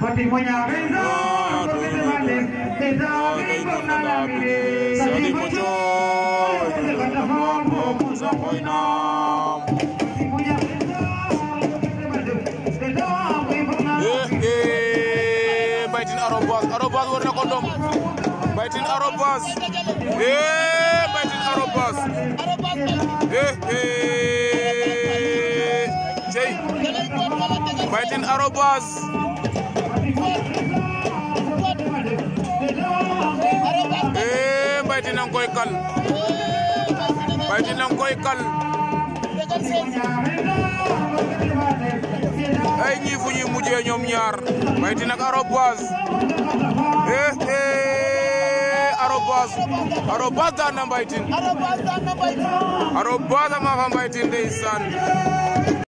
patrimonio vendón, porque te mande, te trabe con nada mire. Sadi pocho, te cuento hombo, punzo poino. Patrimonio vendón, porque te mande, te trabe con nada mire. Baitin arobas, arobas warna kondom. Baitin arobas. Eh, baitin arobas. Eh, eh. Jay. Baitin arobas. Baytin a ngi koy kal Baytin a ngi koy kal ay ñii fu ñuy mujjee ñoom ñaar Baytin ak arobase eh eh arobase arobase daan na Baytin arobase daan na Baytin arobase ama fa Baytin ndeysaan